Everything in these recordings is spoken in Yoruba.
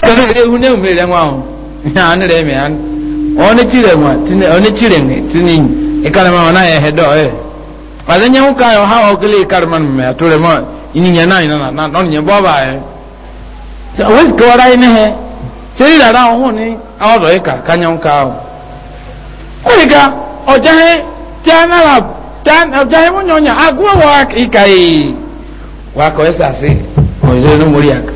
kẹrẹ rẹ hu ne hu rẹ wọn o ani rẹ mi ani wọn ti rẹ wọn tini wọn ti rẹ mi tini ikarama wọn ayẹ hẹ dọ ẹ pàṣẹ nyẹ wọn kayọ ha wọn kele ikarama mi ato rẹ mọ ìnìyẹn náà yìí nana náà ọ̀nìyẹn bọ́ bá yẹ wọ́n ti kọ́ ọ́ dáyé ní hẹ sẹ́yìn dàda ọ̀hún ni àwọn ọ̀dọ̀ yìí kà kányẹ wọn kà o wọ́n yìí kà ọ̀já yẹn tí a nára ọ̀já yẹn wọ́n nyọ̀ nyà agúwọ̀ wọ́n ìkà yìí wọ́n akọ̀ ẹ̀ sàṣe ọ̀jọ́ inú mórí àkà.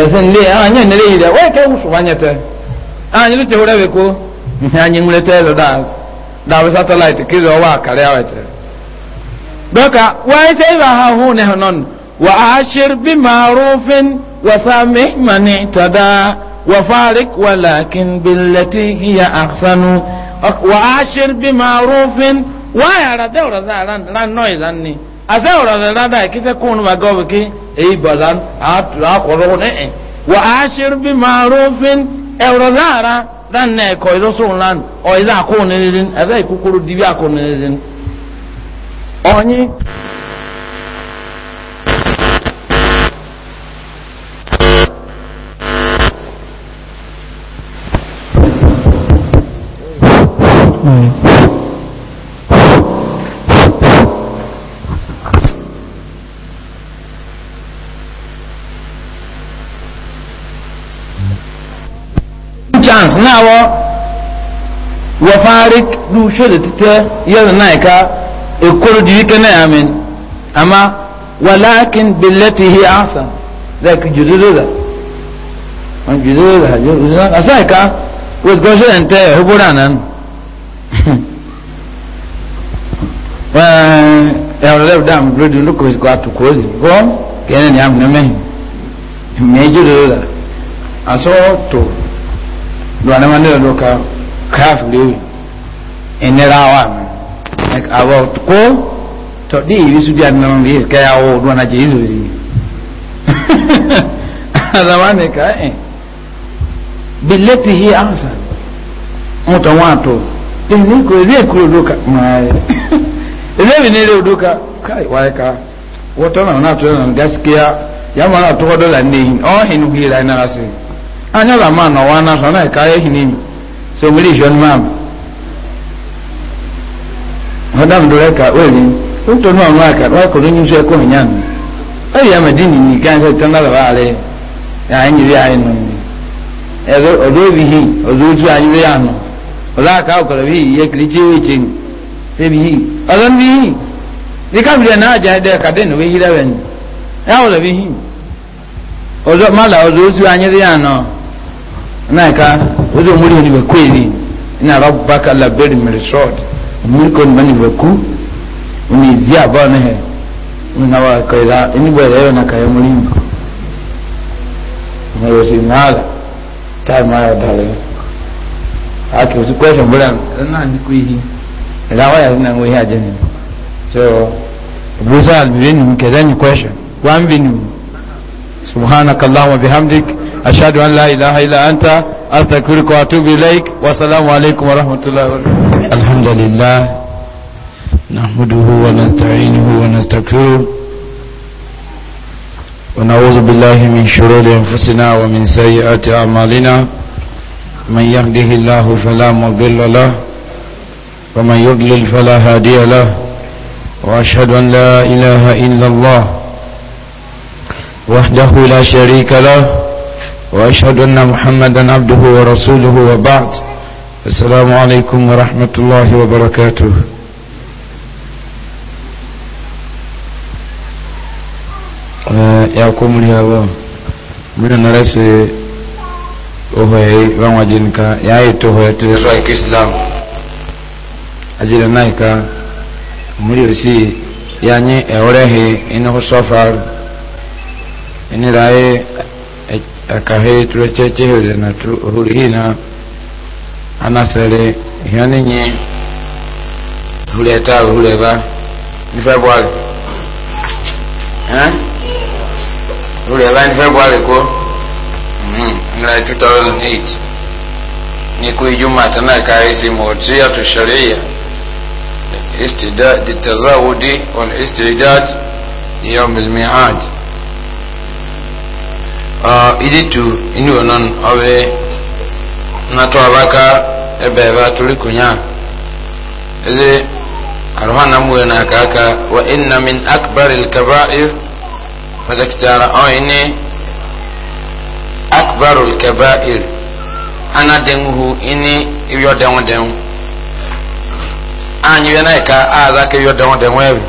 ẹsìn lé àwọn yẹn nílé yìí dẹ wọ́n kẹ́ wùsùn wáyé tẹ àwọn yẹn ló ti wúrẹ́ wẹ̀ kó àwọn yẹn ń retẹ́ lọ dáa dáa sátáláìtì kiri ọwọ́ àkàrẹ́ àwẹ̀ tẹ. dọ́kà wọ́n ṣe ìwà ahọ́hún ní hànán wà á ṣe bí màrúfin wà sàmì màní tàdá wà fárik wà làákín bìlẹ̀tì hìyà àṣánú wà á ṣe bí màrúfin wà á ase ọrọ rẹ rada kise kún wa gọ wiki eyi wa a ṣeré bí maarufin ẹrọ zaara dan na ẹkọ ìdọsùn lan ọ ìdá akọwọn nìyẹn ẹsẹ ìkúkúrú dìbí chance na wo wafarik du shode tite yana naika ekoro dirike na amen ama walakin billati hi ahsan zaka juzuru da an juzuru da juzuru asai ka was go shode ente hubura nan wa ya wala dam blodu nuko is go atukozi go kene ni amne me me juzuru da aso to duane eh. ma nira doka craft lewi enera awa mi like about ko to di na mambi iska ya wo billeti hi ansa muta wato ni ko zai kuro doka mai kai wai ka wata na na to gaskiya ya mana to da ne hin oh hin hira na anya la ma na wa na so na e ka ye hini so mi li jon mam madam do le ka we ni o to na ma ka wa ko ni se ko nyan e ya ma din ni kan se tan la ba ya ni ya ni e do o do bi hi o do ju anyi ya no o la ka ko bi ye kli ji wi chin se bi hi o ni ka bi na ja de ka de no ya o le bi hi ọzọ mmadụ ọzọ ozu anyị dị ya nọ naika wodi omuli oni bekwezi ina rabbaka la beri mirisod omuli ko nibani beku oni zi abana he na wa kaila ini bwele yo na kaya mulimu mwe si nala time ayo dale aki usi question bula na ndi kuihi ila waya zina ngwe ya jeni so busa albirinu mkezanyi question wambinu subhanakallahumma bihamdik أشهد أن لا إله إلا أنت أستغفرك وأتوب إليك والسلام عليكم ورحمة الله وبركاته الحمد لله نحمده ونستعينه ونستغفره ونعوذ بالله من شرور أنفسنا ومن سيئات أعمالنا من يهده الله فلا مضل له ومن يضلل فلا هادي له وأشهد أن لا إله إلا الله وحده لا شريك له وأشهد أن محمدا عبده ورسوله وبعد السلام عليكم ورحمة الله وبركاته آه، يا قوم يا قوم من الناس وهي وما جنكا يا إتوه تدري الإسلام أجل نايكا مريسي يعني أوره إنه سفر إني رأي akahe turacece hore na hurihina anasare hyaninye hureta hureba ni february eh hureba ni february ko mm ngra 2008 ni ku juma tana kai simu tiya tu sharia istidad التزاود والاستعداد ليوم الميعاد izitu inu onon obe nato abaka ebe ba turi kunya eze arwana mu yana kaka wa inna min akbaril kaba'ir fadaktara oyne akbarul kaba'ir ana denhu ini iyo denwo denwo anyi yana ka aza ke iyo denwo denwo ebi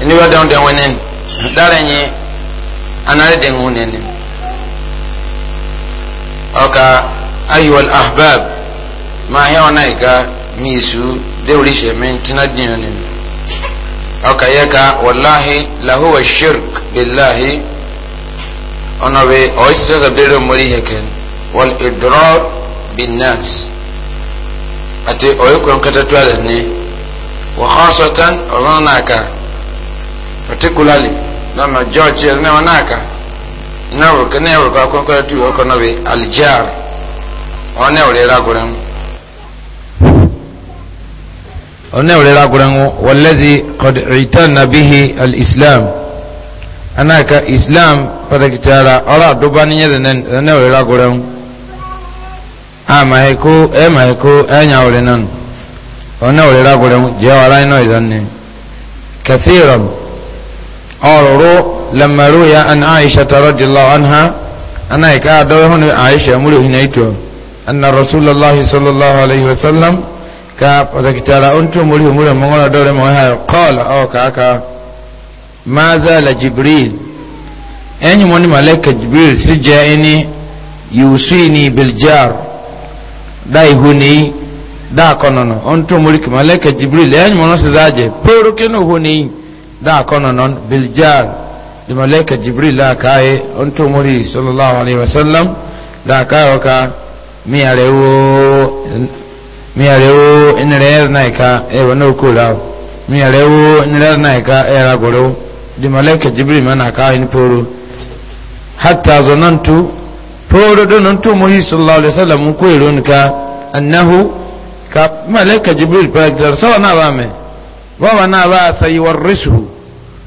ini iyo denwo denwo nin anare den hu nene oka ayu al ahbab ma he ona iga misu de uri shemen tina dinyo nene oka yeka wallahi lahu wa shirk billahi ona be oisa ga dero mori heken wal idrar bin nas ate oyekon kata twala ne wa khasatan ona naka particularly nama george ne wanaka nawurka nawurka akwakwara tu oko nawe aljar wọn nawure ragurin wọn nawure ragurin wallazi qad itanna bihi al-islam anaka islam pataki tara ọrọ aduba ni yẹ na nawure ragurin a mahiko e mahiko e nyawure nan wọn nawure ragurin jẹ wara ina idan ne kathiran ọrụrụ lamaru ya an aisha tarajillahu anha ana ka adawa hunu aisha muru hina ito anna rasulullahi sallallahu alaihi wasallam ka patakitara untu muri mura mangona dore mo ha qala aw ka aka maza la jibril enyi moni malaika jibril si jaini yusini bil jar dai huni da konono da kono non biljal da malaika jibril la kai on to muri sallallahu alaihi wasallam da kai ka mi arewo mi arewo inere er, na ka e wono kula mi arewo inere er, na ka e ragoro da malaika jibril mana kai ni poro hatta zanantu poro don on to muri sallallahu alaihi wasallam ko iron e, ka annahu ka malaika jibril pa jar sawa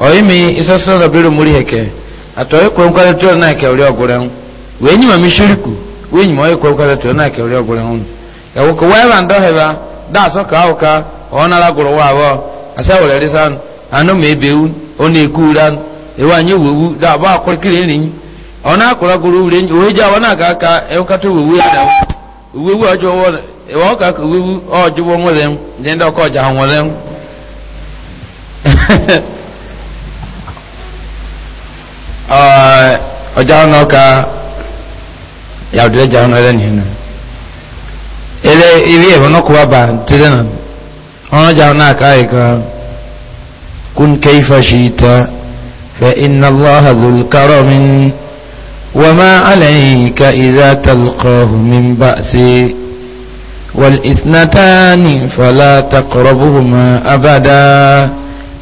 oimi isasira da biru muri heke atoi kwe nkwari tuwa na ke ori ogure hun wenyi ma mishiriku wenyi ma oyi kwe nkwari tuwa na ke ori ogure hun ya wuka wewa ndo hewa da so ka auka ona la guru wa wo asa wole risan anu me bewu ona ekuran ewa nyi wewu da ba akorikiri ni ona akora guru ure nyi oheja wana ka ka ewuka to wewu da wewu ojo wo ewa ka wewu ojo wo nwere ndi ndo ko ja nwere ọjà ọ̀nà ọ̀ka yàwùdílẹ̀ jà ọ̀nà ẹlẹ́ni ẹ̀nà ilé ilé ẹ̀fọ́ náà kó wá bá tẹ́lẹ̀ náà ọ̀nà ọjà ọ̀nà àká ẹ̀ka kún kẹ́yìfà ṣì ta fẹ́ iná lọ́hà lùkárọ̀ mi wọ́n máa àlẹ́yìn ka ìdá talkọ̀ mi bá sí wàl ìtìnátà ní fọlá takọ̀rọ̀ bùhùmá abádáa.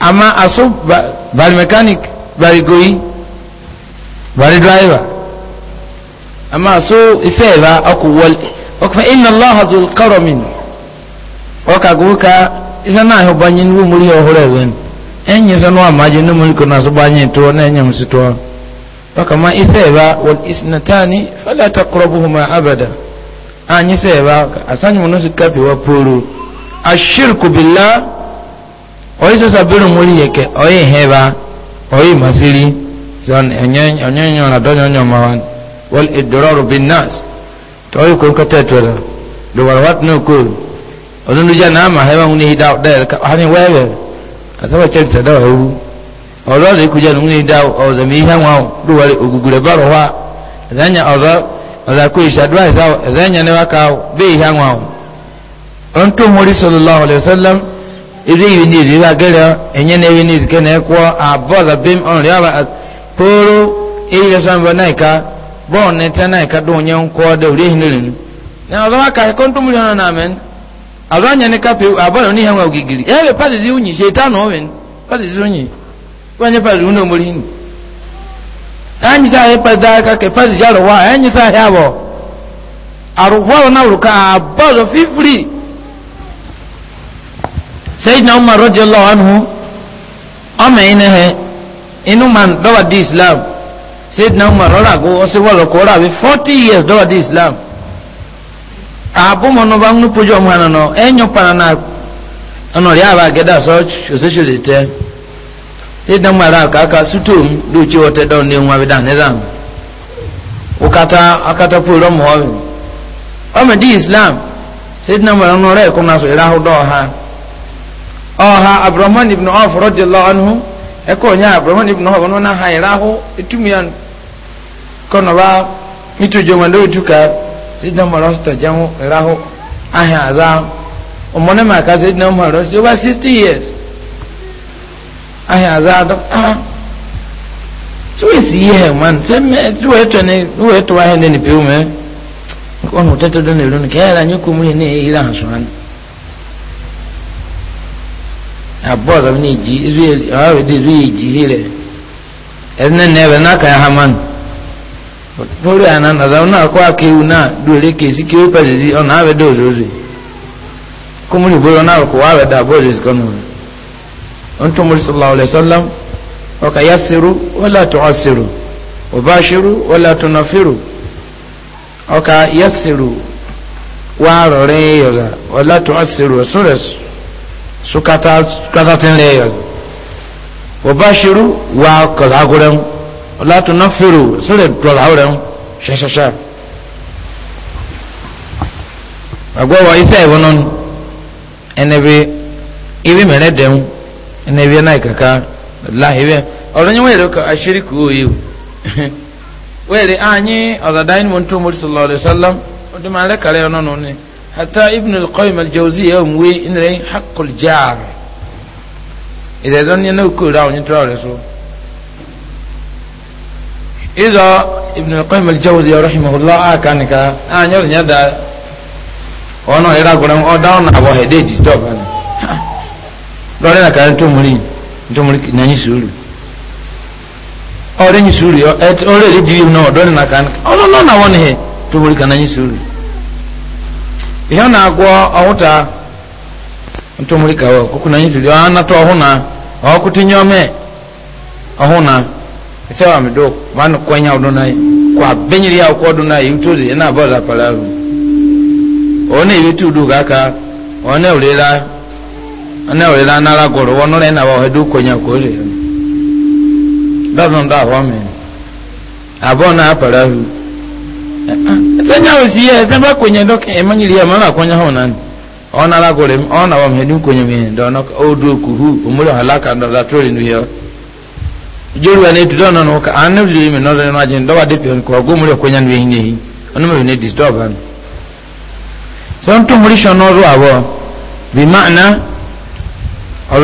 ama a bari mechanic bari goyi bari driver ama a so isa ba aku wal ọkùnfẹ́ iná lọ́ha tó kọ́rọ̀ mi ọkà gúkà isa náà hó banyin wú múrí ọhúrẹ́ wẹ́n ẹ̀yìn sọ náà májì ní múrí kò náà sọ banyin tó náà ẹ̀yìn sí tó ọkà ma isa ba wọ́n isinatani fẹ́lẹ́ takọrọ bó ma abada a nyi sẹ́ẹ̀ ba asányi wọn sì wa pòrò ashirku billah oyi sasa biri muri yeke oyi heba oyi masiri zan onyenyo na donyonyo mawa wal idraru bin nas to oyi ko kata tola do warwat no ko odun duja na ma heba nguni hida da ka hani wewe asaba chelta da wu ọ̀rọ̀ rẹ̀ kújẹ́ ní ìdá ọ̀zẹ̀mí ihe wọn lúwẹ̀rẹ̀ ògùgùrẹ̀ bọ̀rọ̀ wá ẹ̀zẹ̀nyẹ ọ̀rọ̀ ọ̀làkú ìṣàdúrà ìsáwọ̀ ẹ̀zẹ̀nyẹ níwáka izi yuniz iza gele enye ne yuniz ke ne kwa aboda bim on riaba poro ile samba naika bon ne tana ka do nyen ko de ri hinilin na ozawa ka ko ntum ri na amen azanya ne ka pe aboda ni hanwa ugigiri e be padi zi unyi shetan o men padi zi unyi wanye padi uno muri hin anyi sa e pada ka ke padi jaro wa anyi sa yabo arwa na uruka aboda fi free sayidina umar radiyallahu anhu ọmọ yìí nìhẹ inú man dọ́wà di islam sayidina umar rọra go ọsẹ wọlọ rà bí forty years dọ́wà di islam àbúmọ̀ nọba ń pójú ọmọ àná nọ para náà ọ̀nà rí àbá gẹ́dà sọ ṣòṣèṣòṣè tẹ sayidina umar rà kàkà sútò ń lóòtí ọtẹ dọ́rùn ní ohun abidà nílà òkàtà akátà pé di islam sayidina umar náà sọ ọha abdulrahman ibn of rọjòlá ọnù ẹkọ ọnyá abdulrahman ibn of ọnù náà hàn ìráhó etumiya kọnọba mítòjò wọn lórí túkà sídìnnà mọ̀rọ̀ sọ̀tọ̀ jẹun ìráhó ahịa àzá ọmọ náà màkà sídìnnà mọ̀rọ̀ si over sixty years ahìn esi dọ́ ah na abọ́ọ̀dù ọ̀bí ní ìjì ọ̀rẹ́dì rí ìjì rírẹ̀ ẹni náà nẹ́ẹ̀rẹ̀ náà kàn án na lórí àná ka náà kọ́ akéwù náà lórí kèsì kí ó pẹ̀lú sí ọ̀nà àwẹ̀dẹ̀ òṣòṣè kúmùrì bọ́lọ̀ ozuzi. kọ́ àwẹ̀dẹ̀ àbọ́ọ̀dù ìsìkọ́nù rẹ̀ ń tún mọ́rí ya sukata sukata tin leeyo wabashiru wa kalaguren la tunafiru sule dolauren shashasha agwawa isa ibonon enebe ibi mere dem enebe na ikaka lahibe ọ̀rọ̀nyẹ́ wẹ̀rẹ̀ ọkọ̀ aṣíríkù òye o wẹ̀rẹ̀ anyi ọ̀dàdá ẹni mọ̀ tó mọ̀ sallallahu alaihi wasallam ọdún máa lẹ́kàrẹ́ ọ̀nà nù ni حتى ابن القيم الجوزي يوم وي إن لي حق الجار إذا دون ينوكو راو نتراو رسول إذا ابن القيم الجوزي رحمه الله كان كا أنا يوم يدا وأنا إيرا قرام أو داون أبو هدي تستوب أنا لولا كان تومري تومري ناني سوري أو رني سوري أو أولي لدي نو دون كان أو لا لا نوانه تومري كان ناني سوري ihe na-agwọ ọnwụta ntụmụrụ ka ọkụkụ na nyitiri ọ anata ọhụ na ọkụ tinye ome ọhụ na ịsịwa amịdo ma nụkwa ya ọdụ na e, kwa benyere ya akwụkwọ ọdụ na ya e, utozi ya na-abụ ọza pala ahụ ọ na-ewete udo ga aka ọ na-ewurela ọ na-ewurela anara gwọrọ ọ nụrụ ya na ọ edo kwenye ka o lere dọdụ ndụ ahụ ọ mere abụọ na-apara ahụ sanya osi ya ẹsẹ kwenye ya kwenye hàn nani ọ̀nà alágọ̀rẹ̀ ọ̀nà wà kwenye mi dọ̀ ọ̀nà ọ̀dọ̀ òkùhù òmùlẹ̀ ọ̀hálàkà dọ̀dà tó rìn nìyẹn jori wa ne tu dɔn nɔnɔ ka an ne bi mi nɔrɔ nɔnɔ jɛn bi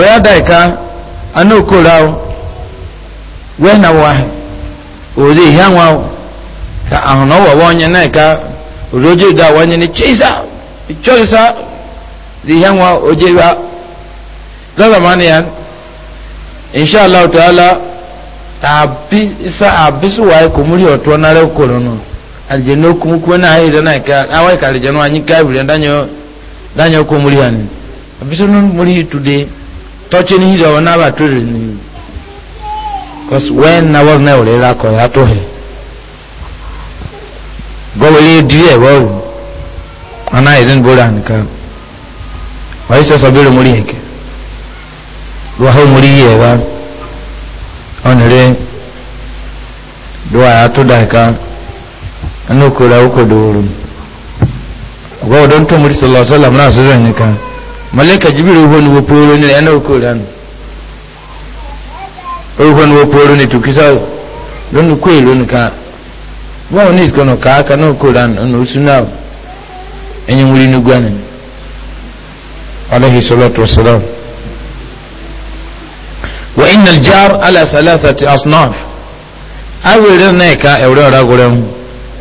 ya da yi ka an n'o ko na ụwa o ka ahụ na ọwa onye na ka rojo da wanye ni chisa chisa rihe nwa oje ba dọla ma ni ya insha Allah ta'ala abisuwa ko muri otu na re ko no aljanu kuma kuma na ayi na ka awai ka nwa anyị ka bi danyo danyo ko muri ani abisunu muri today touching hido na ba to ni cause when na was na ole la ko ya to gọ́wọ́lé dírí ẹ̀wọ́rù ọ̀nà ìdín bóra nìkan wáyé sọ́sọ́ bí romori ẹ̀kẹ́ lọ́wọ́ omori yìí ẹ̀wá ọ̀nìrẹ́ lọ́wọ́ àtúndà ẹ̀ka ẹnu kóra ó kò dòwòrò ọgọ́wọ́ tó ń tó mori sọlọ sọlọ múra sọsọ nìkan mọlẹ́kà jíbìrì owó ni wọ́n pòóró ní ẹnu kóra bọ́ọ̀ ní ìsìkọ́nà káàkà náà kò rà nù súnà ẹ̀yìn wúrí ní gbani aláhi sọlọ́tù sọlọ́m. wà iná jar aláṣálàṣà ti asnaf awèrè náà ẹ̀ka ẹ̀rọ ọ̀rá gọrẹ́ mu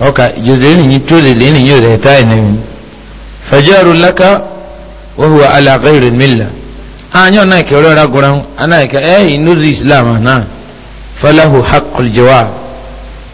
ọkà jòdè nìyí tó lè lè nìyí rẹ̀ táyì nìyí fajaru laka wọ́n wà aláàkẹ́rẹ̀ mílà ààyàn náà ẹ̀ka ẹ̀rọ ọ̀rá gọrẹ́ mu anáà ẹ̀ka ẹ̀yìn lórí islam náà falahu haqqul jawab.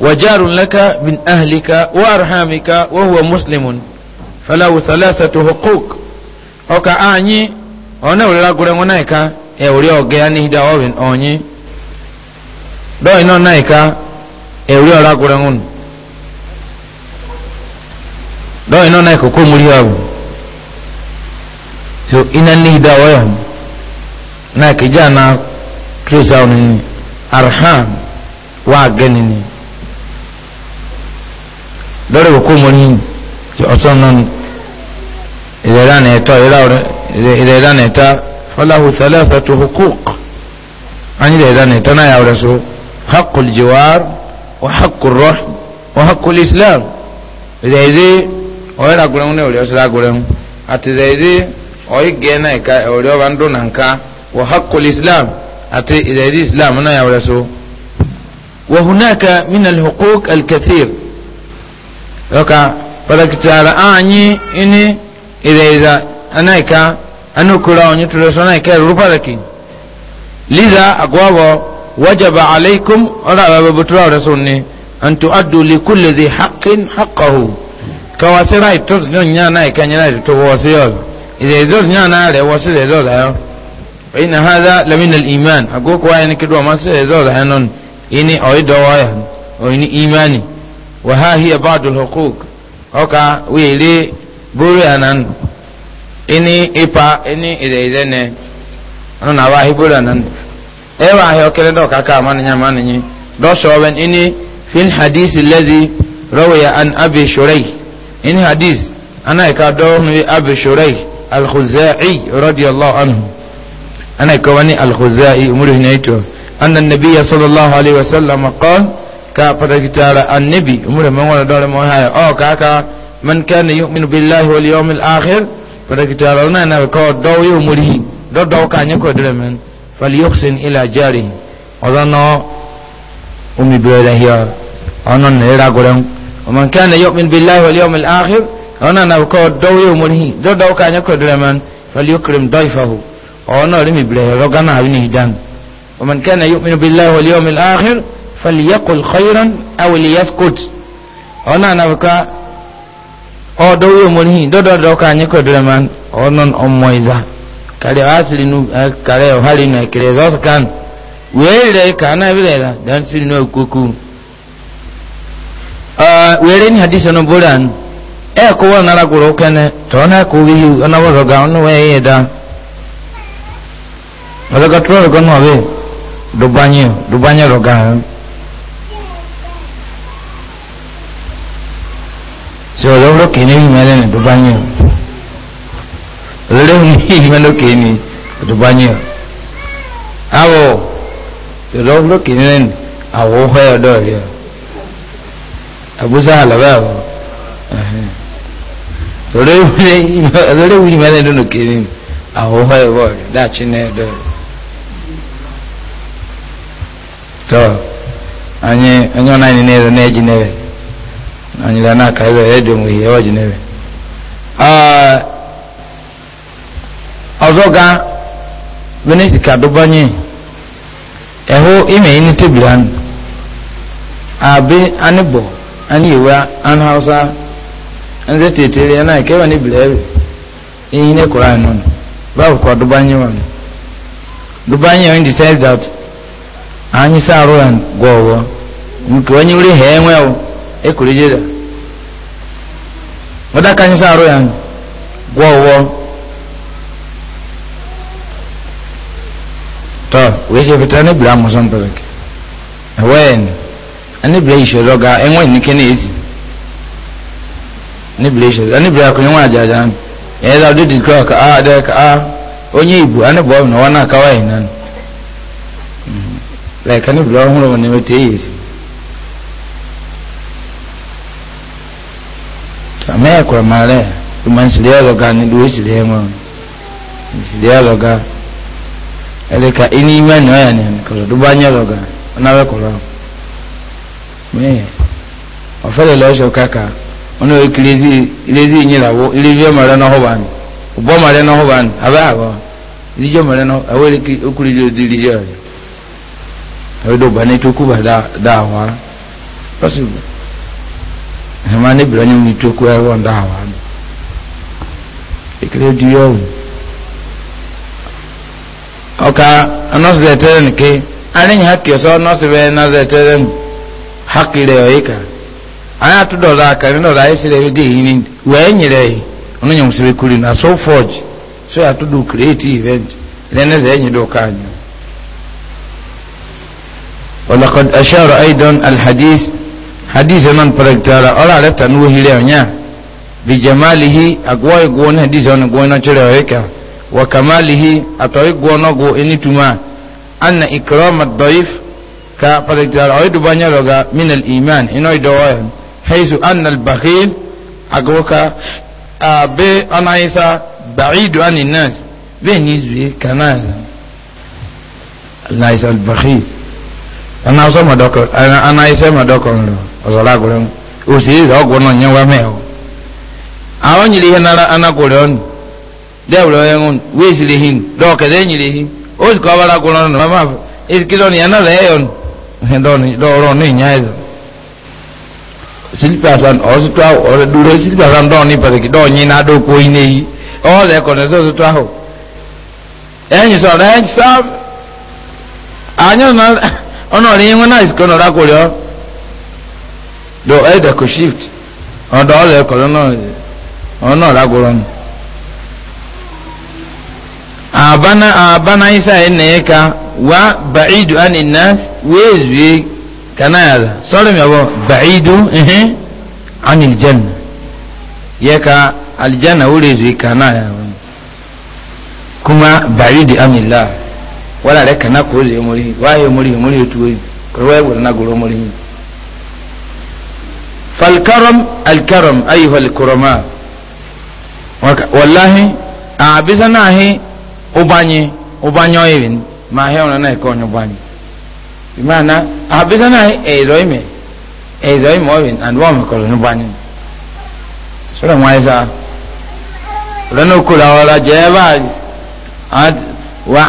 وجار لك من أهلك وأرحامك وهو مسلم فله ثلاثة حقوق أوكا أني أنا ولا قرن ونايكا أوري أوجاني هدا أوين أني دو إنو نايكا أوري ولا قرن ون دو إنو نايكا كو مريابو so ina ni hida wayo na kijana tusauni arham wa lórí òkú mo ní ọ̀sán náà ìdẹ̀dánà ẹ̀tọ́ ìdẹ̀dánà ẹ̀tọ́ fọláhù sẹlẹ̀sẹ̀ tó hukuk wọ́n ní ìdẹ̀dánà ẹ̀tọ́ náà yà wọ́n so hakul jiwar wa hakul rọ́h wa hakul islam ìdẹ̀dẹ́ ọ̀yẹ́ làgùrẹ́ wọn ní ọ̀rẹ́ ọ̀sẹ̀ làgùrẹ́ wọn àti ìdẹ̀dẹ́ ọ̀yẹ́ gẹ́ náà ẹ̀ka ọ̀rẹ́ ọba ń dún náà nǹka wa hakul islam àti ìdẹ̀dẹ́ islam náà yà wọ́n so. وهناك من الحقوق الكثير yoka patakitara anyi ini ireza anaika anukura onye tureso anaika ruparaki liza agwabo wajaba alaikum ora baba butura rasulni an tuaddu li kulli dhi haqqin haqqahu kawasira itos no nyana ikanyana to wasiyo izezo nyana re wasire zo da yo ina hadha lamin al iman agoko ayani kidwa masire zo da hanon ini oido waya o ini imani وها هي بعض الحقوق أوكا ويلي بوري أنان إني إبا إني إذا إذا نه أنا واهي بوري أنان إيوا هي أكلنا دو كاكا ماني ماني دو شوبن إني في الحديث الذي روي عن أبي شريح إني حديث أنا إكادوني أبي شريح الخزاعي رضي الله عنه أنا كواني الخزاعي أمره نيتو أن النبي صلى الله عليه وسلم قال ka patakitara annabi umure man wala dole mo haya o kaka man kana yu'minu billahi wal yawmil akhir patakitara na na ko do yo muri do do ka nyi ko dire men fal yuhsin ila jari odono umi bela hiya onon ne ra gore man kana yu'minu billahi wal yawmil akhir ona na ko do yo muri do do ka nyi ko dire men fal yukrim dayfahu ona rimi bela ro gana awini hidan ومن كان يؤمن بالله واليوم الآخر فليقل خيرا أو ليسكت أنا نبكى أو دو يومونه دو دو دو كان يكو درمان أونن أمويزا كالي واسل نو كالي وحالي نو كالي زوس كان ويري كانا بليلا دان سل نو كوكو ويري ني حديث نو بولان أي كوا نرى كورو كان تونا كوبي أنا وزوغا أنو ويدا Maka katuwa lukonu wabe, dubanye, dubanye lukonu. tí ọ̀rọ̀ lókè ní ìmọ̀ ẹlẹ́ni tó bá yàn ọ̀rọ̀ ní ìmọ̀ lókè ní tó bá yàn awọ ọ̀rọ̀ lókè ní ẹlẹ́ni àwọ̀ ọ̀họ́ ọ̀dọ́ rẹ̀ àbúsá àlàbà àwọ̀ ọ̀rọ̀ ní ìmọ̀ ẹlẹ́ni lókè ní àwọ̀ ọ̀họ́ ọ̀dọ́ rẹ̀ dáàtí ní ẹ̀dọ́ rẹ̀ tọ́ anyị onye ọ na-anyị n'ere na-eji anyịla n'aka ebe redio dị onwe ihe ọjị n'ebe ọzọ ga benesi ka dụbanye ịhụ ime ịnị anụ abị anị bụ anị iwe anụ hausa ndị tetere ya na ebe ihe ne kura anụ nụ báwo dụbanye dụbanye that anyị saa arụ ya gwọọ nke onye ha enwe ekurejera mudakanyisa aro yange gwowo to wechepetera nebira musompereke ewene anebira ishozoga enwe nikene ezi nebira ishozo anebira akunye mwajajan eza udidikora ka a de ka a onye igbo anebua na wana akawa inani mm-hmm. like anebira ọhụrụ na emete eyezi mẹ́ẹ̀ kọ̀ máa rẹ̀ tó máa ń sìlẹ̀ ọ̀lọ́gá ní ló sìlẹ̀ ẹ̀mọ́ sìlẹ̀ ọ̀lọ́gá ẹlẹ́ka iní mẹ́rin ọ̀yà ni kọ̀lọ̀ tó bá yẹ ọ̀lọ́gá ọ̀nàwẹ́ kọ̀lọ̀ mẹ́ẹ̀ ọ̀fẹ́lẹ̀ lọ́sọ̀ káka wọn ò kiri ilézi ìnyìnláwó ilézi ọmọdé náà hó ni òbọ̀ ọmọdé náà hó ni abẹ́ àbọ̀ ilézi ọmọdé náà àwọn okùnrin hema ne bra nyam ni toku e wonda hawa ikre diyo oka anos leteren ke anin hakki so anos be na leteren hakki le oika aya tu do da ka ni do da isi le di hini we nyire onu nyam se be so forge so ya create event lene ze nyi do ولقد أشار أيضا الحديث hadisi non paraktara ola reta nu hile onya bi jamalihi agwa gwo na hadisi on gwo na chere oyeka wa kamalihi atoy gwo no gwo enituma anna ikrama dhaif ka paraktara oy du banya roga min al iman inoy do wa haythu anna al bakhil agwoka abe anaisa ba'idu anin nas beni zwe kanal anaisa al bakhil ana so madoko ana anaisa madoko ọzọla gụrụ m osiri ọgwụ nọ nye nwa mee ahụ nyere ihe nara anakwụrụ ọnụ dewere onye nwụ wee siri ihe dọọ kedụ enyere ihe o si ka ọ bara gwụrụ ọnụ mama afọ esikiri ọnụ ya nara ya ọnụ ihe dọọrọ ọnụ ịnya ya silipas ọzụtụ ahụ ọdụrụ silipas ndọọ n'ịpata gị dọọ na-adọkwu oyi n'eyi ọ dị kọrọ n'ezi ọzụtụ ahụ ẹ̀yìn sọ̀rọ̀ ẹ̀yìn sáà àyàn ọ̀nà ọ̀rìn yín wọn náà ìsìnkú ọ̀nà ọ̀rá kò rí do ẹ̀dẹ̀ eh, kò shift ọ̀dọ̀ ọ̀rẹ́ ẹ̀kọ́ lọ́nà ọ̀nà ọ̀làgọ̀rọ̀ ni. àbáná àbáná isa e e ka wá bàcídù àni nàás wéé zué kaná yàrá mi àbọ̀ ìjẹ́nà yẹ ka àlìjẹ́nà kuma bàcídù àni là wọ́n rẹ̀ kaná kó mórí wáyé mórí mórí ètò kọ́ wáyé فالكرم الكرم أيها الكرماء والله أعبسنا هي أباني أباني أيوين ما هي أنا نكون أباني بمعنى أعبسنا هي أيرويم أيرويم أيوين أن وام كلون أباني سورة مايزا لأنه كل أولا جيبا أد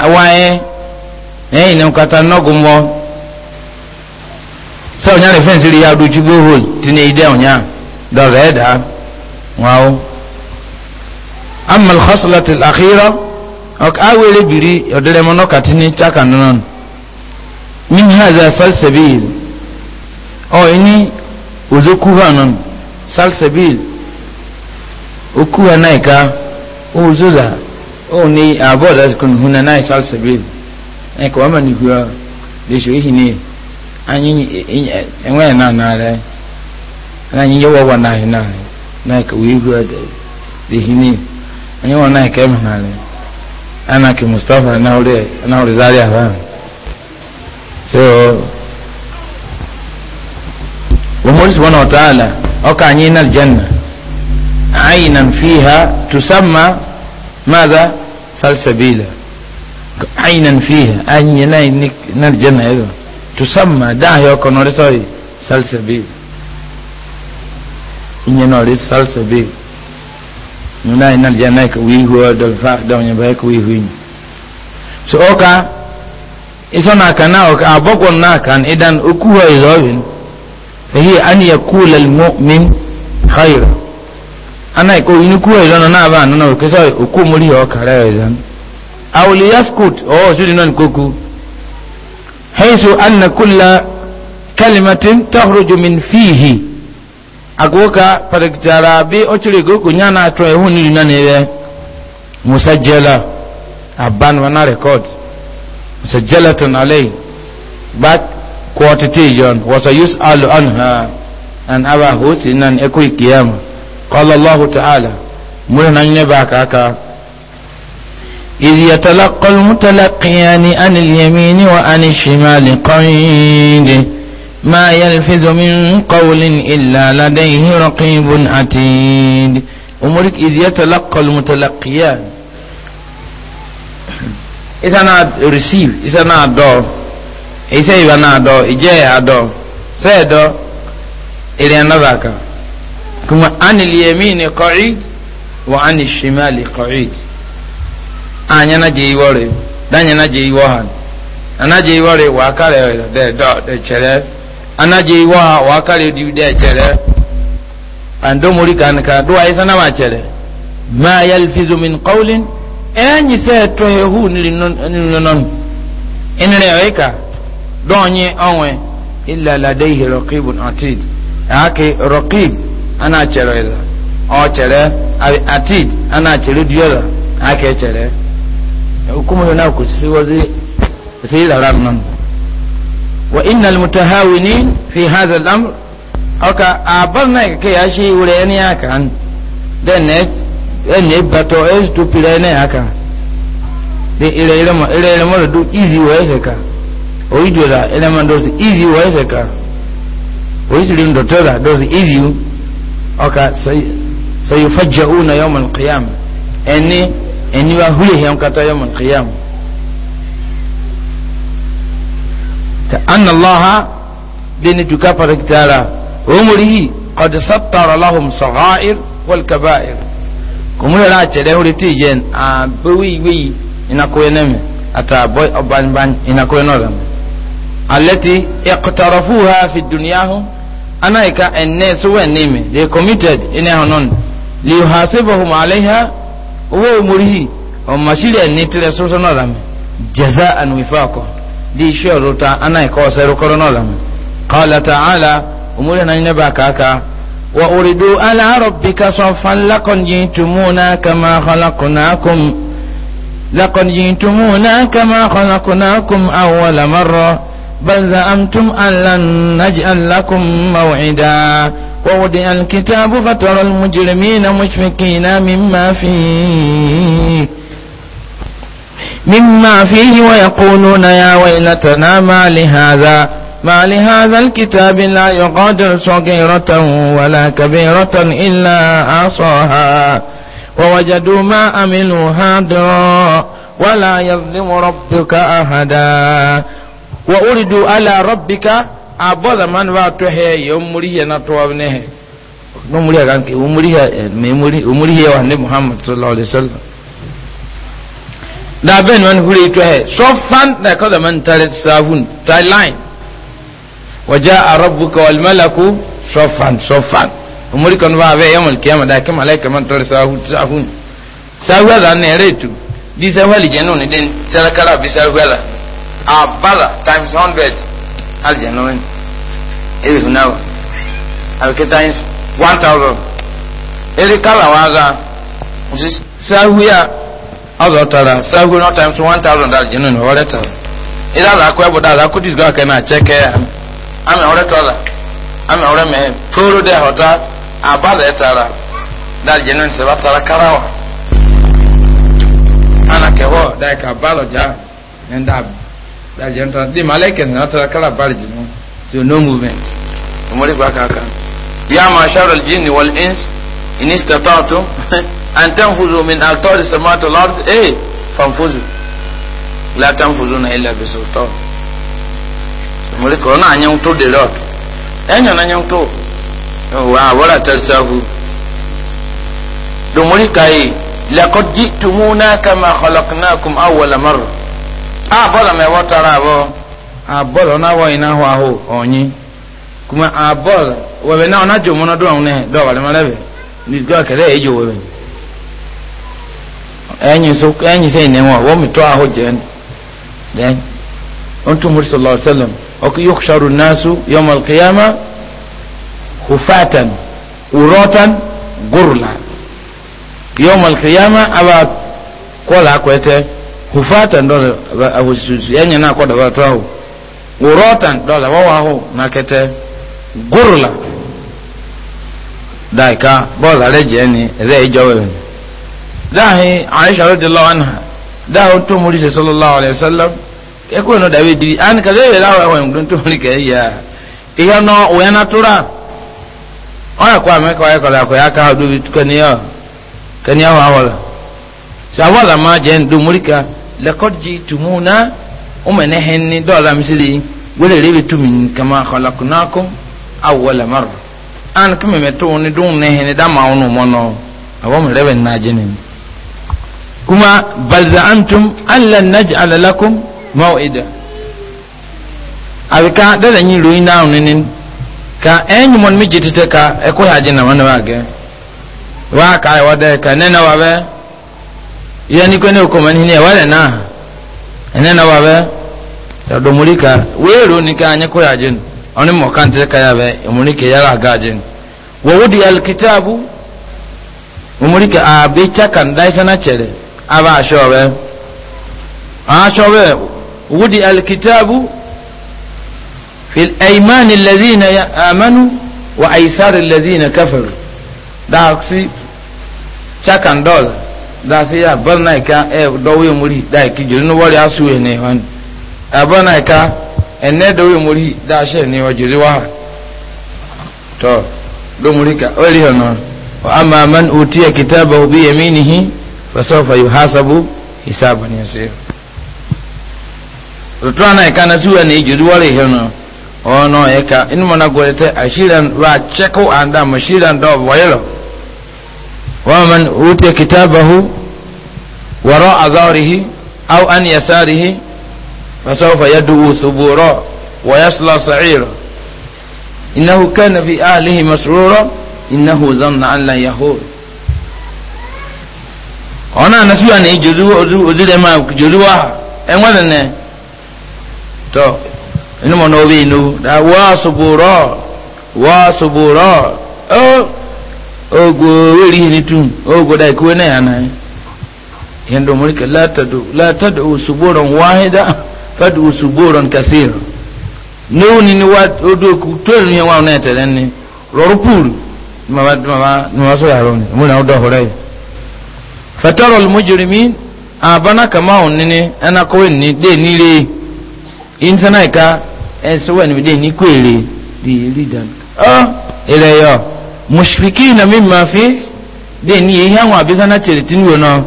وعي أي نمكتنو قمو sɛ ɔnya ne fɛn siri ya adutwi go hol ti ne idɛ ɔnya dɔrɔ ɛda wawo ama alhasilati alakira ɔka awere biri ɔdɛrɛ mu nɔkati ne taka nonon min haza salsabil ɔ ini ozoku ha non salsabil oku ha naika o zoza o ni abɔ da kun huna nai anyị enweghị na narị na anyị nyewa ụwa narị narị naịka wee ihu dehini anyị nwa naịka eme narị anaki mustapha na orizari ahụ ahụ so ومولى سبحانه وتعالى أوقع عينا الجنة عينا فيها تسمى ماذا سلسبيلا عينا فيها عينا الجنة إذا tusamma uh, dan yɛ ɔkɔ n'ɔde sɔre salsabil nye n'ɔde salsabil nuna yi nalija na ka wii huwa dolfa so oka iso na ka na ɔka abɔkɔ na ka idan ukuwa hɔ izɔbin fahi an ya kula mu'min khayr ana ko inu kuwa izɔ na ba nuna ɔka sɔre oku muri yɛ ɔka rɛ izan awuli yaskut ɔwɔ oh, su nan koku haisu anna kulla kalimatin tahruju min fihi agoka patakitara bi ochire goku nyana to ehun ni na ne musajjala aban wana record musajjalatan alay back quantity yon wa sayusalu anha an aba husinan ekui kiyama qala allah ta'ala mun nan ne ba kaka إذ يتلقى المتلقيان عن اليمين وعن الشمال قعيد ما يلفظ من قول إلا لديه رقيب عتيد أمرك إذ يتلقى المتلقيان إذا أنا receive إذا أنا أدور إذا أنا أدور إجاي أدور سيدور إلى أنذاك كما عن اليمين قعيد وعن الشمال قعيد anya na je iwore danya na je iwo ha ana je iwore wa kare de do de chere ana je iwo ha wa kare di de chere ando muri kan ka do ai sana ma chere ma yalfizu min qawlin enyi se to he hu ni non non inere eka donye onwe illa ladayhi raqibun atid ake raqib ana chere o chere atid ana chere diora ake chere hukumu hiyo nayo kusisiwa zile ramnan wa inna almutahawinin fi hadha al-amr aka abarna ke ya shi wure ne aka then ne ne bato es tu pile ne aka de ile ile mo ile ile mo do easy wa eseka o idola ile mo do easy wa eseka o isi ndo tola do easy aka sayufajjauna yawm al-qiyamah eni ẹni wa huli hẹn kata yẹ mun kiyam ka anna allaha deni tuka parakitara omurihi kọdi sattara lahum sọghair wal kabair kòmú yàrá àkyẹrẹ ẹhóre tí yẹn àbẹwì wéyì ìnakóyè náà mi àtà àbọ ọbanban ìnakóyè náà rẹ mi alẹti ẹkọtarafu ha fi dunuya ho anayika ẹnẹ sọwọ ẹnẹ mi they committed ẹnẹ hàn nọ li ha sebahum alayha owó omori ọmọ sílẹ̀ ní tirẹ̀ sọ́sọ́ náà làmì jẹ́zá ànúwìfà ọkọ̀ di iṣẹ́ ọ̀rọ̀ ta aná ẹ̀kọ́ ọ̀sẹ̀ ẹ̀rọkọ́rọ́ náà làmì kọ́lá ta àlà omori náà yẹn bá kàákà wà òrìdó aláàrọ̀ bí ká sọ fan lákọ̀njì tùmúnà kama kọlákùnákùn lákọ̀njì tùmúnà kama kọlákùnákùn àwọn làmọ́rọ̀ bá zàmtum àlànàjì àlàkùn mọ̀wìdá. ووضع الكتاب فترى المجرمين مشفقين مما فيه مما فيه ويقولون يا ويلتنا ما لهذا ما لهذا الكتاب لا يغادر صغيرة ولا كبيرة إلا أعصاها ووجدوا ما أملوا هادرا ولا يظلم ربك أحدا وأردوا على ربك aboda man wa to he yo muri he na to wa ne he no muri ga ke umuri he eh, me muri umuri he wa ne muhammad sallallahu alaihi wasallam da ben man huri to he so fan da ka da man tare sahun tie line wajaa rabbuka wal malaku sofan sofan umuri kan wa be yamul kiyama da ke malaika man tare sahun sahun sahun da ne retu di sahun li jeno ne den sarakara bi sahun la abala times 100 aljanna wani ebi huna ba alkita one thousand kala nti sahu ya ọzọ tara sahu no times one thousand aljanna na ọrẹ tara ila ala akọ ẹbọ dada akọ disgo akẹ na chẹkẹ ami ọrẹ tọla ami ọrẹ mẹ poro de ọta abala ẹ tara da aljanna ni sẹba tara kara wa ana kẹwọ da ẹ ka that you understand the malaika is not a color barge no so no movement umuri bakaka ya mashar al jinn wal ins in istata'tum an tanfuzu min aqtari samawati wal ard eh fanfuzu la tanfuzuna illa bi sultan umuri ko na anyang to de lot enyo na anyang to wa wala tarsahu dumuri kai laqad ji'tumuna kama khalaqnakum awwala marrah a ah, bọla ma ẹwọ tara abọ a ah, bọla ọ na-awọ yìí n'ahụ ahụ ọnyi kuma a bọla wẹbẹ náà ọ na-adjọ mọ n'ọdọ ọhún náà dọwọ alẹ mọlẹbẹ nìgbà kẹlẹ ẹ yẹ wẹbẹ ẹyin so ẹyin sẹyìn náà wọn wọn mi tọ ahụ jẹ dẹn wọn tún mọrí sọlọ sẹlẹm ọkọ yóò sọrọ hufatan dɔla ahosusu yɛn nyɛ n'akɔ daba aho wòrɔtan dɔla wɔwɔ aho n'akɛtɛ gurula daika bɔɔlu alɛ jɛ ɛdɛ edzɔ dahi aisha rodi anha dahi o tó mori sɛ sɔlɔlɔ alayhi salam ɛkó yɛn no dabi diri ani tó mori kɛ yia ihe ɔyɛ kó amɛ yaka o dobi awɔ la sɛ awɔ la ma do ka. lakɔdzi tumuna wɔmɛ ne hɛn ni dɔw la misiri wele de bi tumi kama kɔlakunako awo wala maro an kɛmɛ mɛ tó ni dun ne hɛn ni dama wɔn no mɔnɔ awɔ mɛ rɛbɛ naaje ne kuma balza antum ala naj alalakum maw ida a bɛ ka dala nyi loyi naaw ne ka ɛn nyumɔn mi jitete ka ɛkɔ na ma ne b'a gɛ waa kaa wa dɛ ka ne wa bɛ iya ni kwene ukomani ni wale na ene na wabe ya domulika wero ni kanya ko yajin oni mo kaya be umulike yara gajin wa wudi alkitabu umulike a ah, be chakan chere aba shobe a ah, shobe wudi alkitabu fil aymani alladhina amanu wa aysar alladhina kafaru da si chakan dasi ya bar na ka e eh, dowe muri da ki jiru no wari asu e ne han abar eh, na ka ene dowe muri da she ne wa jiru wa to do muri ka wali hono wa amma man utiya kitabahu hi yaminihi fa sawfa yuhasabu ni yasir rutwa na ka na suwa ne jiru wari hono ono e ka in mana gorete ashiran wa cheko anda mashiran do wayelo ومن أوتي كتابه وراء ظهره أو أن يساره فسوف يدعو ثبورا ويصلى سعيرا إنه كان في أهله مسرورا إنه ظن أن لا يهور أنا نسوي أن يجروا أجل ما يجروا أن ولن تو إنه نوبينو وا ثبورا وا ثبورا أو ogo weri hini tun ogo da kuwa na yana yi yadda mulki la ta da usuburan wahida fadi usuburan kasir nuni ni wa odo ku tolu ni wa na tele ni rorupuru mama mama mama so ya roni mu na odo hore fatara mujrimin abana kama onnini ana ko ni de ni re insana ka en so wen bi de ni kwere di lidan ah ile yo mushriki na mimma fi de ni ihe anwa abisa na chere tinwe no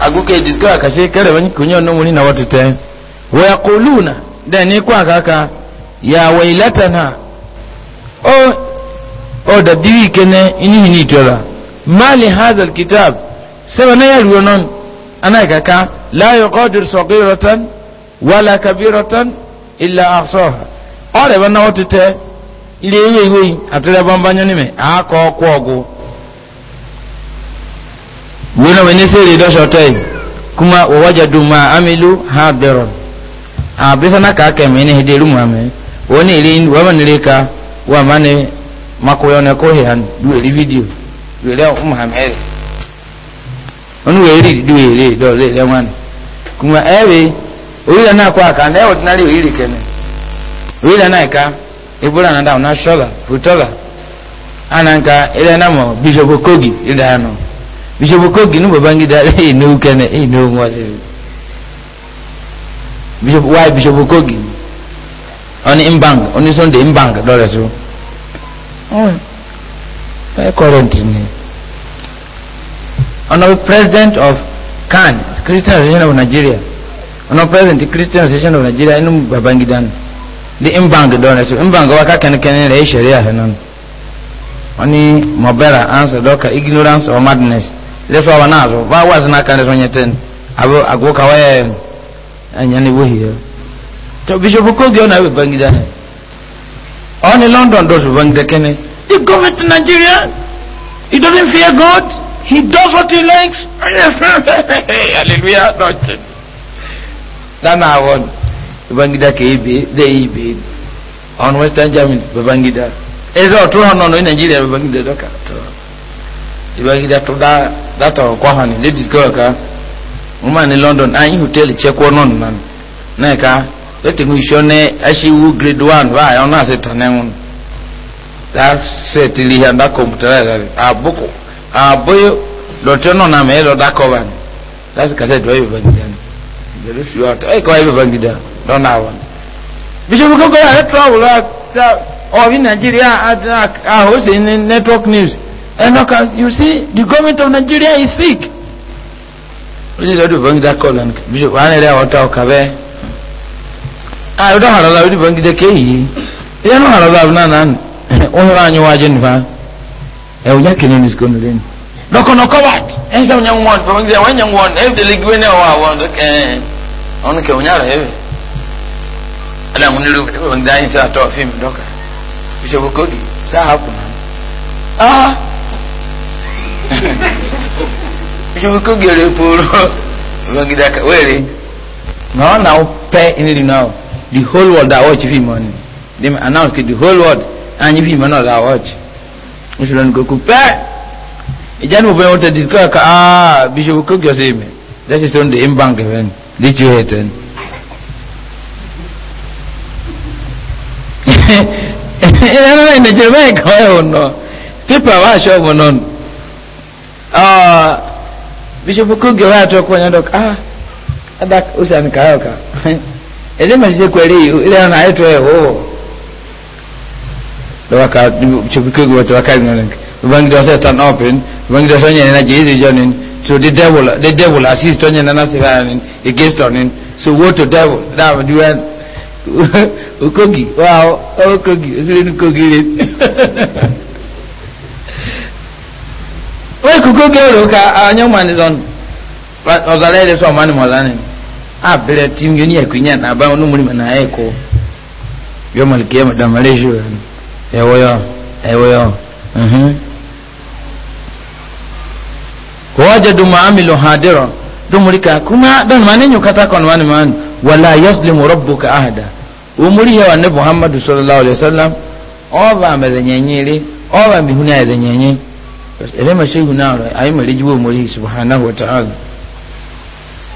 aguke diska akashe kare bani kunyo no muni na watete wa yaquluna de ni kwa kaka ya wailatana o o da diwi kene ini hini tora mali hadha alkitab sema na yaru non ana kaka la yuqadir saghiratan wala kabiratan illa ahsaha ore bana watete ilé ewé ìwé àtẹ́lẹ́bọ́nbányọ́ ní mẹ́ àákọ́ ọkọ́ ọgọ́ gbóná wẹ́ ní sẹ́rẹ̀ ìdọ́ṣọ́tọ́ ẹ̀ kúmá wọ́wọ́jẹ̀dùn máa amílú ha bẹ̀rọ̀ àbísánà kàákẹ́mì ní ìdí rúmù àmì wọ́n ní ìrí wọ́n ní ìríka wọ́n má ní makoyọ́ ní fídíò ní lẹ́wọ̀n kúmá ibura na damu na shoga futoga ananka ile namo bishop kogi ile ano bishop kogi nubo bangi da e no kene e no mwasi bishop why bishop kogi oni imbang oni sonde imbang dole so oh by current ni ono president of can, christian association of nigeria ono president christian association of nigeria inu babangidana di imbang don eh, na imbang wa ka kan kan ne sharia hanan eh, ani mabara answer doka ignorance or madness lefa wa nazo wa wa zina kan so nyeten abo agoka wa anyani eh, wo hiya to bishop ko gyo na we bangida ne oni london do so bangida kene the government of nigeria he doesn't fear god he does what he likes hallelujah not that na one babangida ka ebe de ibe on western germany babangida eze ọtụrụ ha nọ nigeria naijiria doka to babangida tụ data ọkwa ha ni ladies go ka woman in london anyị hotel chekwa nọ na na ka lati mu show ne aṣiwu grade 1 ba ọ na asịta na enwu da setili ihe da kọmputa ya dara abụkụ abụghị lọtọ nọ na ma ịlọ dakọba ni lati kasị dụwa ibe babangida ni Jerusalem ọtọ ẹ kọwa ibe babangida lọ́nà àwọn. bíṣọ́bù kókó ààrẹ travel Nigeria nàìjíríà àhóṣe a network news ẹnọ́ka eh, you see the government of nigeria is sick. ó sì lọ́dún bọ́ngídá kọ́ lọ́nà bíṣọ́bù wà á nílẹ̀ àwọn ọ̀tá ọ̀kà bẹ́ẹ̀. àìrọ́dọ̀ àrọ́lá lọ́dún bọ́ngídá know ìyá náà àrọ́lá àbúrò náà wọ́n yọrọ àyẹ̀wò ajé nìfà ẹ̀ ọ̀já kìnìún ní sikọ́nù lẹ́nu. lọ́kọ̀nọ̀kọ́ wà ẹ̀ ń sẹ́wọ̀n yẹn wọ́n bọ́ngídá ana muniru wangani sa to film doka bisho bukodi sa hapo ah bisho bukodi ile poro wangida ka wele naona upe inili nao the whole world are watch film on them announce the whole world and ah, if film not are watch ushuro niko kupe ijani upe wote discover ka ah bisho bukodi yoseme that is on the bank event lichi weteni ẹ̀rọ náà ìnìjẹ̀ bẹ́ẹ̀ kọ́ ẹ̀ ò nọ pípà wá ṣọ́ọ̀bù náà bíṣọ́pù kúgì wá àtọ́kọ́ ọ̀yàn dọ́kà á adak oṣù àmì kàrà ọ̀kà ẹ̀dẹ́ mà ṣiṣẹ́ pẹ̀lú ilé ọ̀nà àìtọ́ ẹ̀ hó lọ́wọ́ká bíṣọ́pù kúgì wọ́n ti wá káyọ̀ nínú ìbángídé ọ̀sẹ̀ tán ọ̀pìn ìbángídé ọ̀sẹ̀ yẹn nínú jésù ìjọ ni so the devil the devil assist ọ̀yẹn nínú sí against ọ̀nìn so woe to devil that would do well okogi wow okogi osiri nu kogi re wọ́n kú kókè èrò ká àwọn ọmọ ní sọ́nù ọ̀zàlá ẹ̀rẹ́ sọ ọmọ ní mọ̀ọ́lá ni àbẹ̀rẹ̀ tí yóò ní ẹ̀kú yẹn náà báwọn onímọ̀ nímọ̀ náà ẹ̀kọ́ yóò mọ̀ kí ẹ̀mọ̀ dàmọ́ lè ṣòro ẹ̀wọ́ yọ ẹ̀wọ́ yọ. wọ́n jẹ́ dumurika kuma don mani nyukata kon wani mani wala yaslimu rabbuka ahada umuri ya wanne muhammadu sallallahu alaihi wasallam oba mazenyenyere oba mihuna ya zenyenye ele mashihu na ro ayi mari jibo muri subhanahu wa ta'ala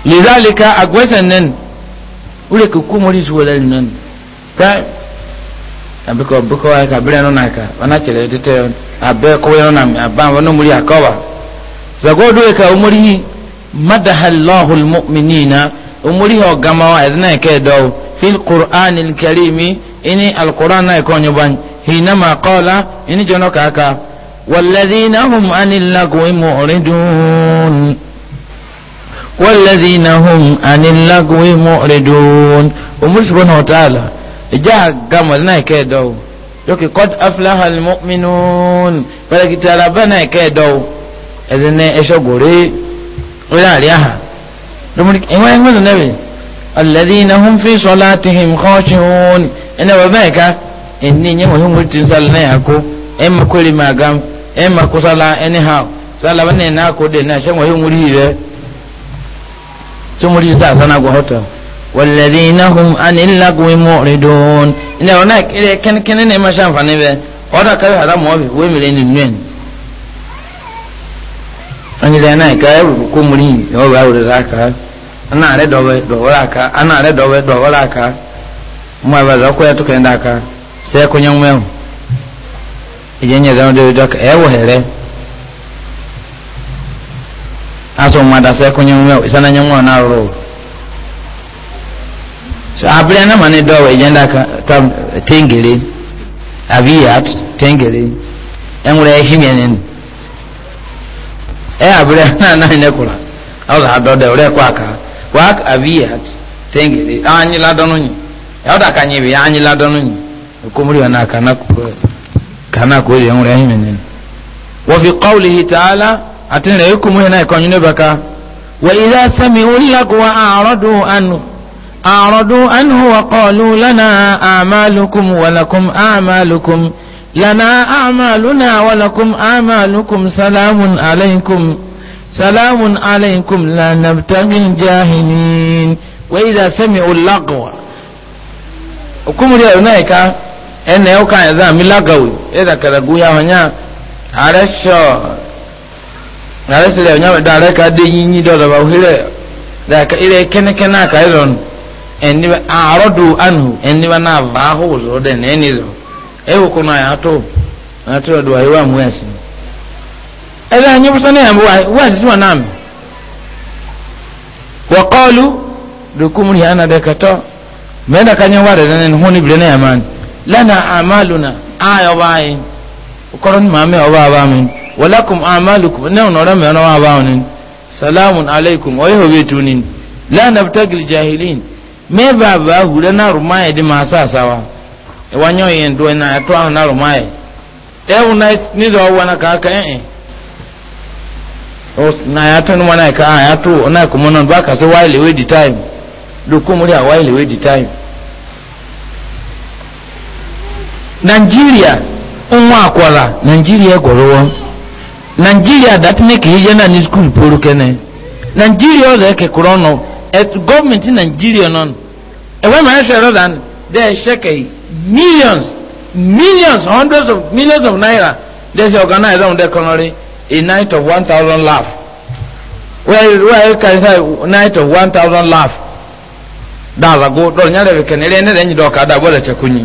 lidhalika agwasan nan ure ku ku muri su wala nan ka abiko buko wa ka bire no na wana chele tete abe ko yo na mi aban wono muri akoba zagodo ka umuri مدح الله المؤمنين أمره وقما إذن كيدو في القرآن الكريم إني القرآن يكون يبان حينما قال إني جنوك أكا والذين هم عن اللغو معرضون والذين هم عن اللغو معرضون أمر سبحانه وتعالى جاء قام إذن كيدو لكي قد أفلح المؤمنون فلكي ترى بنا كيدو إذن إشغوري ولا رياها رمرك إيوه يقول النبي الذين هم في صلاتهم خاشعون إن وبيك إني نيم وهم تنسلنا يكو إما كل ما قام إما كسلا anyhow sala bane na ko de na shan wayo muri re to muri sa sana go hoto walladhina hum anil lagwi mu'ridun ina ona kire ken ken ne ma shan fane be oda kai haram wa we mi le ni nyen anyere na ka ewu ko muri na o a wuri zaka ana re dobe dowara ka ana re dobe dowara ka mu ya to kenda aka sai ko nyan mu ije nye zama dole dok ewu here aso ma da sai ko nyan na nyan na ro na mane dowe iji ndaka tengere abiyat tengere enwere ẹ abirẹ náà náà ní ẹkùrà ọdọ àdọdẹ ọrẹ ẹkọ àká wàá àbíyà tẹngẹrẹ anyi ladọnu yìí ẹwọdọ àkànyẹ bìí anyi ladọnu yìí okomori wọn náà kàná kúrò ẹ kàná kúrò ẹ ńwúrẹ ẹyìn mẹnẹ. wọ́n fi kọ́ọ̀lì hìtà àlá àti nìyẹn ekomori náà ẹ̀kọ́ nínú bàkà wọ́n ilé sẹ́mi orílẹ̀-àgùwà àròdùn ànú àròdùn ànú wọ́n kọ́ọ̀lù lánàá àmàlùkùm wàlàkùm àmàlùkùm. لنا أعمالنا ولكم أعمالكم سلام عليكم سلام عليكم لا نبتغي الجاهلين وإذا سمعوا اللغو وكم هناك أن يوقع إذا ملغو إذا كرقوا يا هنا عرشو عرشو لو نعم دارك ديني دولة وهي ذاك إذا كان كان كايرون أني أعرضوا عنه أني أنا فاهو زودن أني زودن ewu kuna ya ato anatoa dua iwa mwezi eza nyibusa ne ambu wazi siwa nami waqalu dukumuni ana dakato menda kanya ware nan honi bilene yaman lana amaluna ayo bayin ukoron mame oba abamin walakum amalukum ne onora me onora abamin salamun alaikum wa yahu bitunin la nabtagil jahilin me baba hudana rumaya di masasawa wanyo yin duwe na to an na rumaye ewu na ni do wana ka ka eh, eh o na ya to no ah, na ka ya to na ko mono ba ka so while we di time do ko muri while we the time Nigeria unwa akwara Nigeria gorowo Nigeria that make hije na ni school poru kene Nigeria o le ke kurono government Nigeria non e we ma share than they shake millions millions hundreds of millions of naira they say organize on the colony a night of one thousand laugh well well can say night of one thousand laugh daza go do nyale vikenele nele nyi doka da bole chekunyi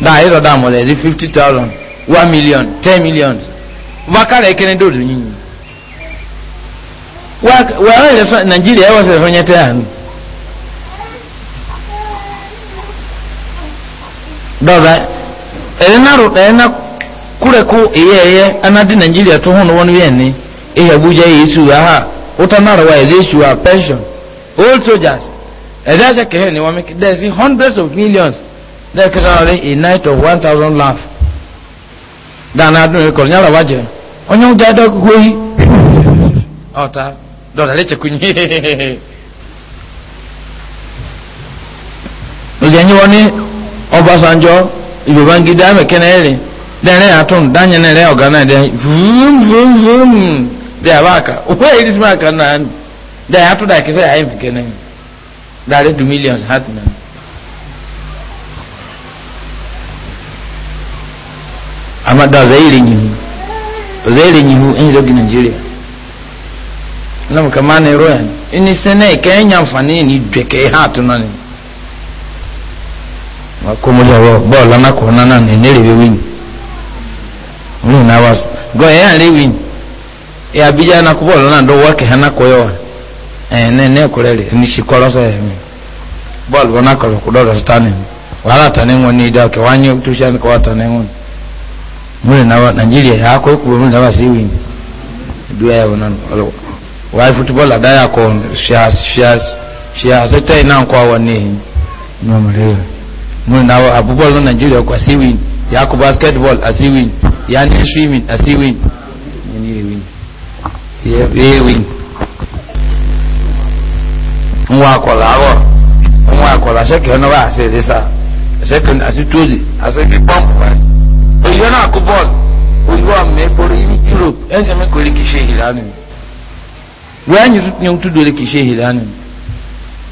da hilo da mole 50000 1 million 10 millions vakale kene dodo nyinyi wa wa Nigeria wa se fanya tayari dɔbɛ ɛna ro ɛna ko di nigeria to ho no wɔn ni eya aha wota na rawa ɛdɛ esu a pension old soldiers ɛdɛ ahyɛ ni wɔn mi there hundreds of millions there a night of one thousand laugh dana adum ekɔ nyala wajɛ ɔnyɛ ɔgya ɛdɛ koko yi ɔta Ọbásanjọ́ Babangida Amekenere dẹ́rẹ́ atun, dányẹnẹrẹ ọ̀gá náà dẹ́ vum vum vum dẹ́ àbáàkà òkú èyí tí máa kà náà dẹ́ àtún dà kí sẹ́ du millions hàt ama amadu ọ̀zẹ́yìrì nyihu ọ̀zẹ́yìrì nyihu ẹ̀yìn lọ́gì nàìjíríà nàmùkà máa ní rọ́yà ẹni sẹ́nẹ̀ kẹ́ẹ̀yàn fani ní dùkẹ́ hàt ni akomoli ọwọ bọọlù anakọ nana ní ẹnẹrẹwé win ní ìnáwó gọ ẹ yàn lé win ẹ abijá anakọ bọọlù náà dọwọ kẹ anakọ yọ wa ẹ ní ẹnẹ ẹkọrẹ rẹ ní sikọ lọsọ yẹ mi bọọlù wọn akọrọ kó dọdọ sí tani wàhálà tani wọn ní ìdá ọkẹ wọn yẹ tó sí ànikọ wọn tani wọn ní ìnáwó nàìjíríà yà win ìdúrà yà wọn náà wàá futubọọlù adáyà kọ ṣíà ṣíà ṣíà ṣètẹ́yìn náà kọ àwọn mun na wa abubuwan na Nigeria kwa siwin ya ku basketball a siwin ya ni swimming a siwin nwa akwọla awọ nwa akwọla ṣẹ́kẹ̀ ọ̀nà wà sí ìrísà ṣẹ́kẹ̀ àti tóòzì àti ibi pọ́ǹpù akụ bọọlụ náà kú bọ́ọ̀lù òyìnbó àmì ẹ̀kọ́rọ̀ Europe ẹ̀sẹ̀ mi kò lè kì í ṣe ìlànà wẹ́ẹ̀nyì tó tiẹ̀ ń túdò lè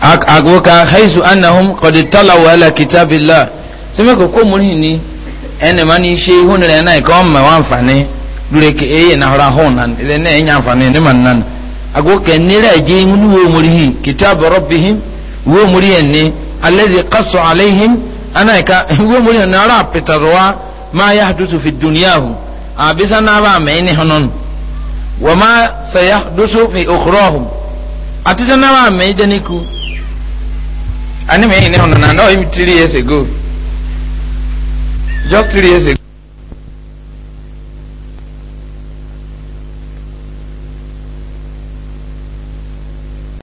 agboka haisu annahum qad talaw ala kitabillah sema ko ko muri ni ene mani she hun re na ko ma wan fane dure ke eye na hora honan ile ne enya fane ne man nan agboka ni re je mun wo muri hi kitab rabbihim wo muri enne alladhi qassa alaihim ana ka wo muri na ra petarwa ma yahduthu fi dunyahu abisa ba me ne honon wa ma sayahduthu fi ukhrahum atitana ba me deniku anime in no no no three years ago just three years ago